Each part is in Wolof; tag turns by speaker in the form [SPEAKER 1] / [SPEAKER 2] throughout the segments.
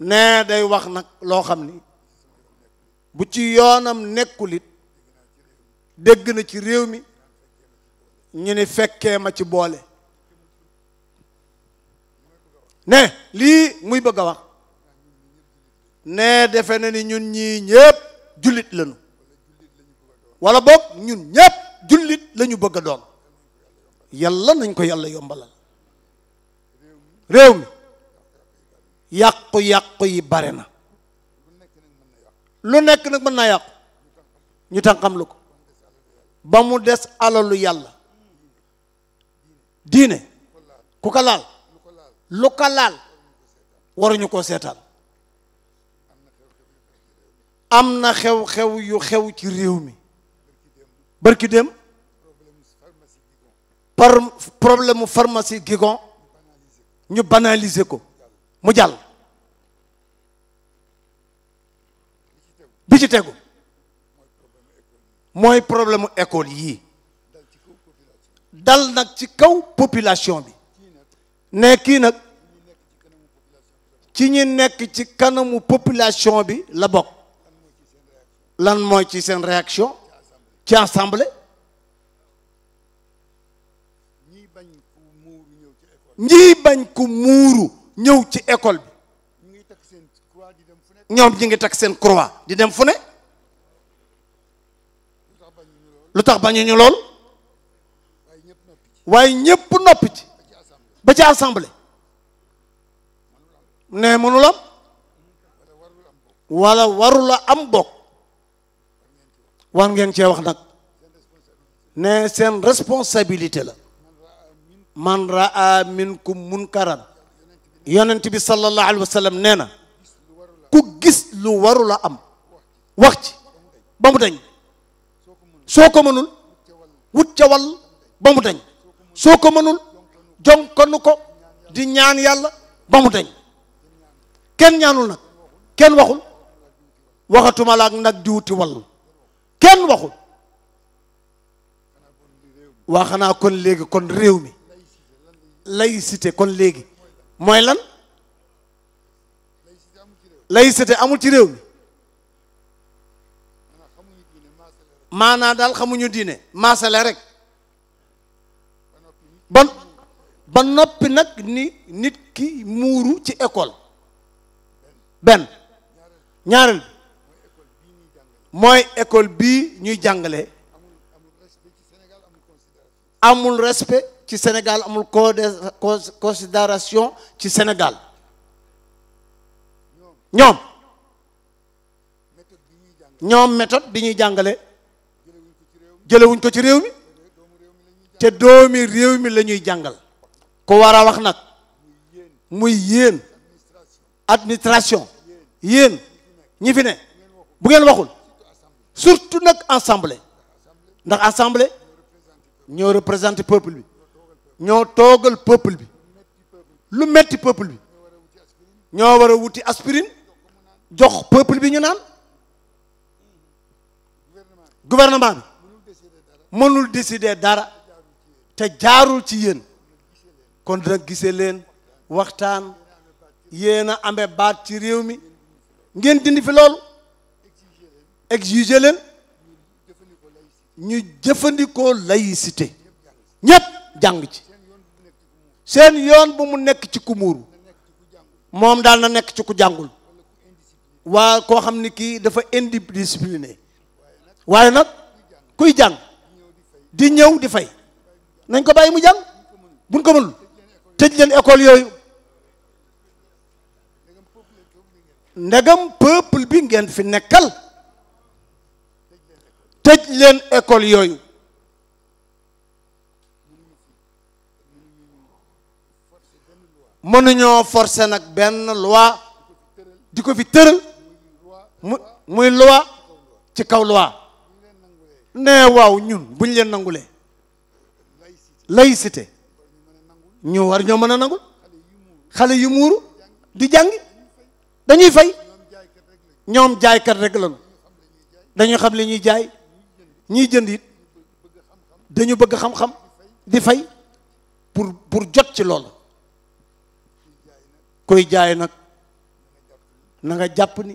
[SPEAKER 1] nee day wax nag loo xam ni bu ci yoonam nekkulit dégg na ci réew mi ñu ni fekkee ma ci boole ne lii muy bëgg a wax nee defe na ni ñun ñii ñépp jullit lañu wala boog ñun ñépp jullit lañu bëgg a doon yàlla nañ ko yàlla yombalal réew mi yàqu yàqu yi bare na lu nek nak mën naa ñu tankam lu ko ba mu dess alalu yalla diine ku ko laal lu ko laal waruñu xew-xew yu xew ci rew mi barki dem par problème pharmacie gigon ñu banaliser ko mu jall bi ci tegu mooy problème mu école yii dal nag ci kaw population bi ne kii nag ci ñi nekk ci kanamu population bi la bokk lan mooy ci seen réaction ci assemblée ñii bañ ku muuru ñëw ci école bi ñom ñi ngi tak seen croix di dem fune lutax bañu ñu lol way ñepp noppi ci ba ci assemblée ne mënu am wala warula am bok war ngeen ci wax nak ne seen responsabilité la man raa minkum munkaran yonent bi sallallahu alaihi wasallam sallam ku gis lu warul a am wax ci ba mu dañ soo ko mënul wut ca wàll ba mu dañ soo ko mënul jonkonu ko di ñaan yàlla ba mu dañ kenn ñaanul nag kenn waxul waxatuma laak nag di wuti wàll kenn waxul waa xanaa kon léegi kon réew mi laïcité kon léegi mooy lan laïcité amul ci réew mi maanaa daal xamuñu diine maasale rek ban ba noppi nag ni nit ki muuru ci école benn ñaareel mooy école bii ñuy jàngale amul respect ci Sénégal amul considération ci Sénégal ñoom ñoom méthode bi ñuy jàngale jëlewuñ ko ci réew mi te doomi réew mi la ñuy jàngal ko war a wax nag muy yéen administration yéen ñi fi ne bu ngeen waxul surtout nag assemblée ndax assemblée ñoo représenté peuple bi ñoo toogal peuple bi lu metti peuple bi ñoo war a wuti aspirine jox peuple bi ñu naan gouvernement bi mënul décider dara te jaarul ci yéen kon dina gisee leen waxtaan yéen a amee baat ci réew mi ngeen dindi fi loolu exiger leen ñu jëfandikoo laïcité ñépp jàng ci seen yoon bu mu nekk ci ku muuru moom daal na nekk ci ku jàngul waa koo xam ni kii dafa indiscipliné waaye nag kuy jàng di ñëw di fay nañ ko bàyyi mu jàng buñ ko mënul tëj leen école yooyu ndegam peuple bi ngeen fi nekkal tëj leen école yooyu mënuñoo forcer nag benn loi di ko fi tëral mu muy loi ci kaw loi nee waaw ñun buñ leen nangulee laïcité ñu war ñoo mën a nangul xale yu muuru di jàngi dañuy fay ñoom jaaykat rek lañu dañu xam li ñuy jaay ñiy jënd it dañu bëgg xam-xam di fay pour pour jot ci loolu koy jaay nag na nga jàpp ni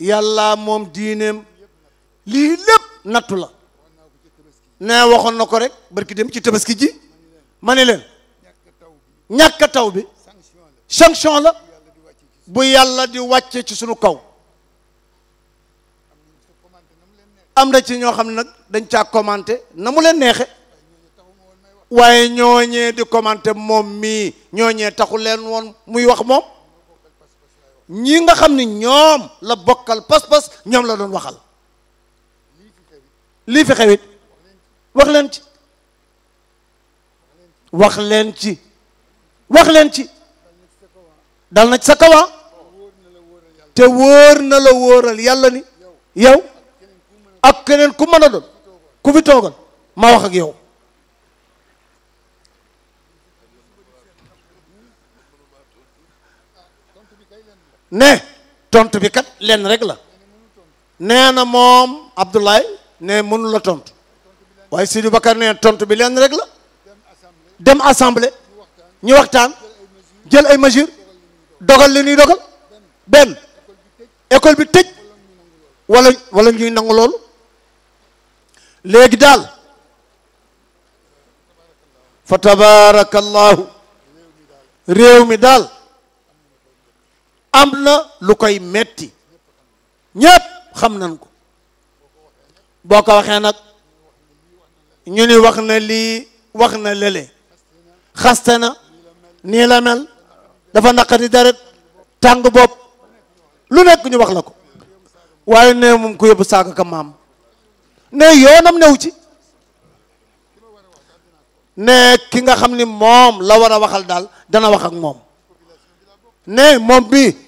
[SPEAKER 1] yàlla moom diineem lii lépp nattu la nee waxoon na ko rek barki dem ci tabaski ji ma ne leen ñàkk taw bi sanction la bu yàlla di wàcce ci sunu kaw am na ci ñoo xam ne nag dañ caa commenté na mu leen neexe waaye ñooñee di commenté moom mii ñooñee taxu leen woon muy wax moom ñi nga xam ni ñoom la bokkal pas-pas ñoom la doon waxal lii fi xewit wax leen ci wax leen ci wax leen ci dal na ci sa kawa ah? te wóor na la wóoral yàlla ni yow ak keneen ku mën a doon ku fi toogal ma wax ak yow ne tontu bi kat lenn rek la nee na moom Abdoulaye ne mënu la tontu waaye Sidi Bakar nee tontu bi lenn rek la dem assemblée ñu waxtaan jël ay mesures dogal li ñuy dogal benn école bi tëj wala wala ñuy nangu loolu léegi daal fa tabarakallahu réew mi daal am na lu koy metti ñépp xam nañ ko boo ko waxee nag ñu ni wax na lii wax na lële xaste na nii la mel dafa naqari deret tàng bopp lu nekk ñu wax la ko waaye ne moom ku yóbbu saaga ka maam ne yoonam new ci ne ki nga xam ni moom la war a waxal daal dana wax ak moom ne moom bii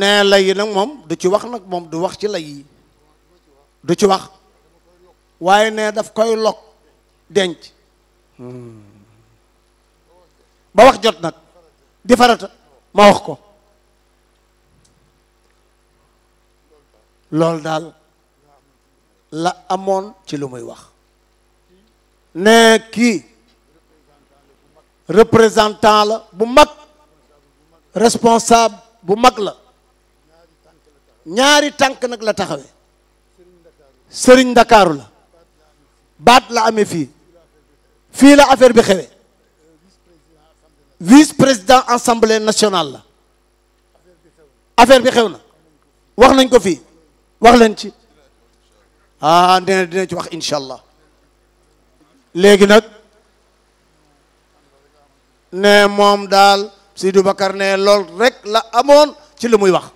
[SPEAKER 1] nee lay yi nag moom du ci wax nag moom du wax ci lay yi du ci wax waaye nee daf koy log denc ba wax jot nag di farata ma wax ko loolu daal la amoon ci lu muy wax ne kii représentant la bu mag responsable bu mag la ñaari tànk nag la taxawe sëriñ ndakaaru la baat la amee fii fii la affaire bi xewe vice président assemblée nationale la affaire bi xew na wax nañ ko fii wax leen ci ah nee dina ci wax incha allah léegi nag ne moom daal Sidou Bakar ne lool rek la amoon ci lu muy wax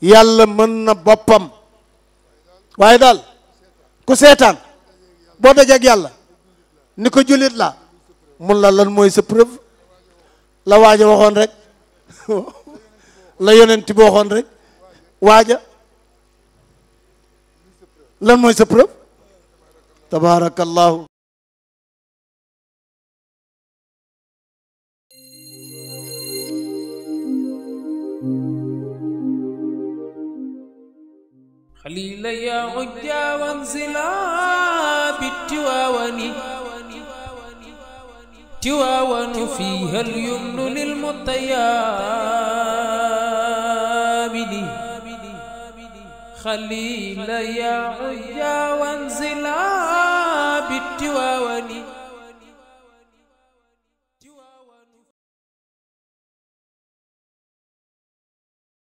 [SPEAKER 1] yàlla mën na boppam waaye daal ku seetaan boo dajeeg yàlla ni ko jullit laa mun la lan mooy sa preuve la waaja waxoon rek la yonent bi waxoon rek waaja lan mooy sa preuve tabaarakallaahu إلي عجا وانزلا بالتواون تواون فيها اليمن للمطيابد خليل يا عجا وانزلا بالتواون